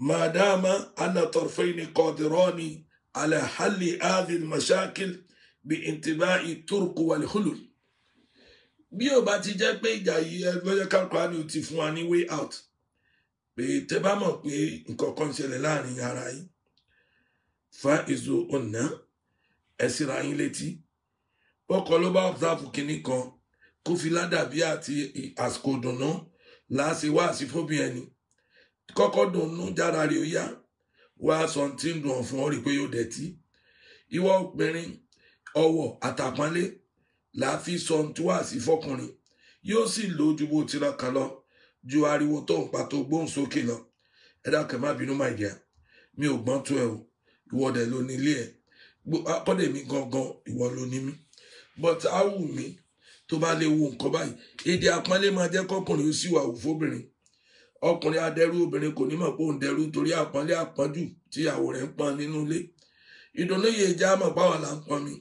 ما دام أن الطرفين قادران على حل هذه المشاكل بانتباع الترك والحلول bí ó bá ti jẹ́ pé ìjà yìí ẹgbẹ́jọ́ kankan ó ti fún wa ní way out pé tẹ bá mọ̀ pé nǹkan kan ṣẹlẹ̀ láàrin ara yìí fa èso ọ̀nà ẹ̀sìnra yín létí ọkọ̀ ló bá ọ̀sáàfù kínní kan kó fi ládàbí àti àsìkò dùnú láàṣẹ wá sí ẹni kọ́kọ́ dùnnú jára rẹ̀ ó yá wá aṣọ tí ń dùn ọ̀fun ọ̀rì pé yóò dẹ̀tí ìwọ obìnrin ọwọ́ àtàpọ́nlé làá fi sọ tí wàá sí fọkùnrin yóò sì lójú bó ti rán kan lọ ju ariwo tó ń pa tó gbóhùn sókè lọ ẹ dákẹ́ má bínú máa jẹ́ mi ò gbọ́n tó ẹ o ìwọ dẹ̀ ló ní ilé ẹ kọ́dẹ̀ mi gangan ìwọ ló ní mí but á wù mí tó bá lè wo nǹkan báyìí èdè àpọ́nlé máa jẹ́ kọ́kùnrin ó sì wà wù fóbìnrin ọkùnrin adẹ́rú obìnrin kò ní mọ̀ pé òun dẹ́rú torí àpọ́nlé àpọ́njù tí ìyàwó rẹ̀ ń pọn nínú ilé ìdùnnúyè ìjà mọ̀ páwọn là ń pọn mi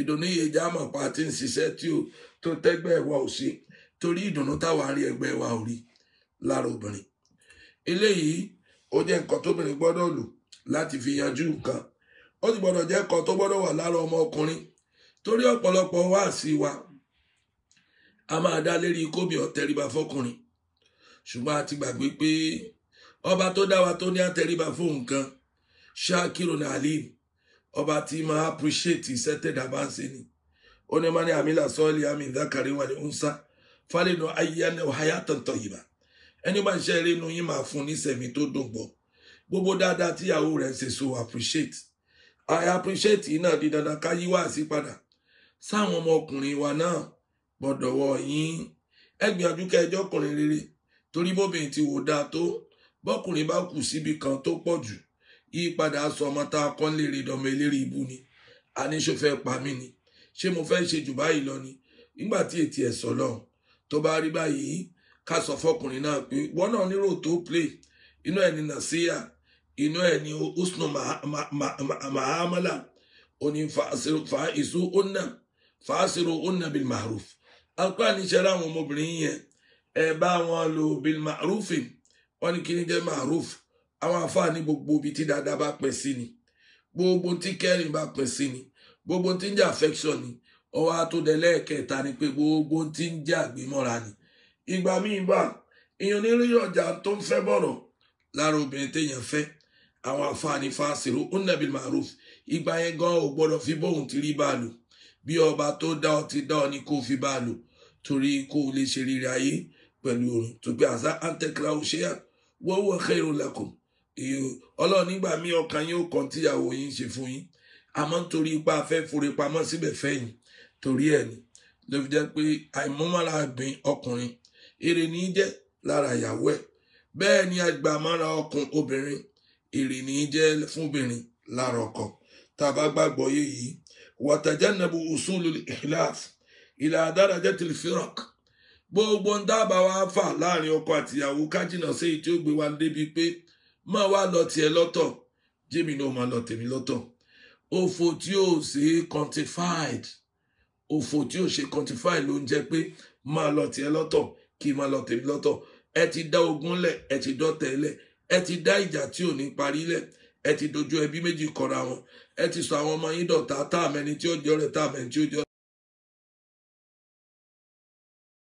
ìdùnnúyè ìjà mọ̀ pa àti ń ṣiṣẹ́ tí ò tó tẹ́gbẹ́ wa ò ṣe torí ìdùnnú táwa rí ẹgbẹ́ wa ò rí lára obìnrin eléyìí ó jẹ́ nǹkan tóbìnrin gbọ́dọ̀ lò láti fi yanjú nǹkan ó sì gbọ́dọ̀ jẹ́ nǹkan tó gbọ́dọ̀ wà lára ọmọ ọkùnrin torí ọ̀pọ̀lọpọ̀ wá sí wa a máa dá lérí kóbi ọ̀tẹríba fọkùnrin ṣùgbọ́n a ti gbàgbé pé ọba tó dá wa tó ní àtẹríba fún nǹkan ṣáàkìrò ní alim ọba tí máa appreciate iṣẹ́ tẹ̀dá bá ń ni ó ní mani amila sọ́ọ̀lì amin ìdákàrí wà ní ọ̀nsá fálẹ́nu ayéyáná ọ̀háyà tọ̀ntọ̀ yìí bá ẹni máa ń ṣe eré inú yín máa fún ní sẹ̀mí tó dùn gbọ́ gbogbo dáadáa tíyàwó rẹ̀ ń ṣe so appreciate i appreciate iná di dandan ká yí wá sí padà sáwọn ọmọkùnrin wa náà gbọ́dọ̀ wọ yín ẹgbìyànjú kẹjọ ọkùnrin rere torí bóbìnrin ti wò dáa tó bọ́kùnrin bá kù síbi kan tó pọ jù yípadà aṣọ ọmọ tá a kọ́ léèrè dọmọ eléré ibú ni pa mí ni ṣé mo ṣe jù báyìí ni nígbà tí ètí ẹ̀ sọ lọ́hùn tó bá rí báyìí ká sọ fọkùnrin náà pé wọn náà nírò tó play inú ẹ̀ ní nàṣíyà inú ẹ̀ ní usnu mahamala oní fàásìrò ọ̀nà fàásìrò ọ̀nà bil mahruf ẹ bá wọn lò bil ma'rufi wọn ní kí ni jẹ́ ma'ruf àwọn àfáà ní gbogbo ibi tí dáadáa bá pín sí ni gbogbo tí kẹrin bá pín sí ni gbogbo tí ń jẹ́ affection ni ọwọ́ àtòdẹ́lẹ́ẹ̀kẹta ni pé gbogbo tí ń jẹ́ àgbémọ́ra ni ìgbà míì bá èèyàn onírúurú ọjà tó ń fẹ́ bọ̀rọ̀ lára obìnrin téèyàn fẹ́ àwọn àfààní fásiru unnabil maruf ìgbà yẹn gan ò gbọ́dọ̀ fi bóun ti rí báàlù bí ọba tó dá ọ ti dá ọ ni kó fi báàlù torí kó lè ṣe rírì ayé pẹ̀lú oorun tó pé àṣà antekra òṣèyà wọ́wọ́ xẹ́rù lakum ọlọ́run nígbà mí ọkàn yín ó kàn tíyàwó yín ṣe fún yín àmọ́ nítorí ipa afẹ́ forí pamọ́ síbẹ̀ fẹ́yìn torí ẹ̀ ni ló fi jẹ́ pé àìmọ́mọ́ra gbin ọkùnrin èrè ní í jẹ́ lára ìyàwó ẹ̀ bẹ́ẹ̀ ni àgbàmọ́ra ọkùn obìnrin èrè ní í jẹ́ fúnbìnrin lára ọkọ tá a bá gbàgbọ́ yé yìí wàtàjẹ́ nàbù usulul ihlaf ila darajatil firaq gbogbo ń dábàá wa fà láàrin ọkọ àtìyàwó kájìnà sí èyí tí ó gbé wa débi pé má wá lọ tiẹ̀ lọ́tọ̀ jẹ́mi náà máa lọ tèmi lọ́tọ̀ òfò tí ò ṣe quantified òfò tí ò ṣe quantified ló ń jẹ́ pé máa lọ tiẹ̀ lọ́tọ̀ kí máa lọ tèmi lọ́tọ̀ ẹ ti dá ogun lẹ̀ ẹ ti dọ́tẹ̀ lẹ̀ ẹ ti dá ìjà tí ò ní parí lẹ̀ ẹ ti dojú ẹbí méjì kọra wọn ẹ ti sọ àwọn ọmọ yín dọ̀tá tá àmẹni tí ó jẹ́ ọ̀rẹ́ tá àmẹni tí ó jẹ́